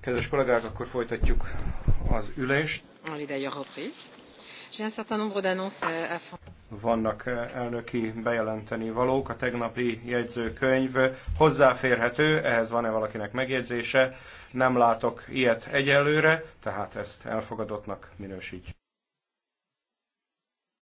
Kedves kollégák, akkor folytatjuk az ülést. Vannak eh, elnöki bejelenteni valók, a tegnapi jegyzőkönyv hozzáférhető, ehhez van-e valakinek megjegyzése? Nem látok ilyet egyelőre, tehát ezt elfogadottnak minősítjük.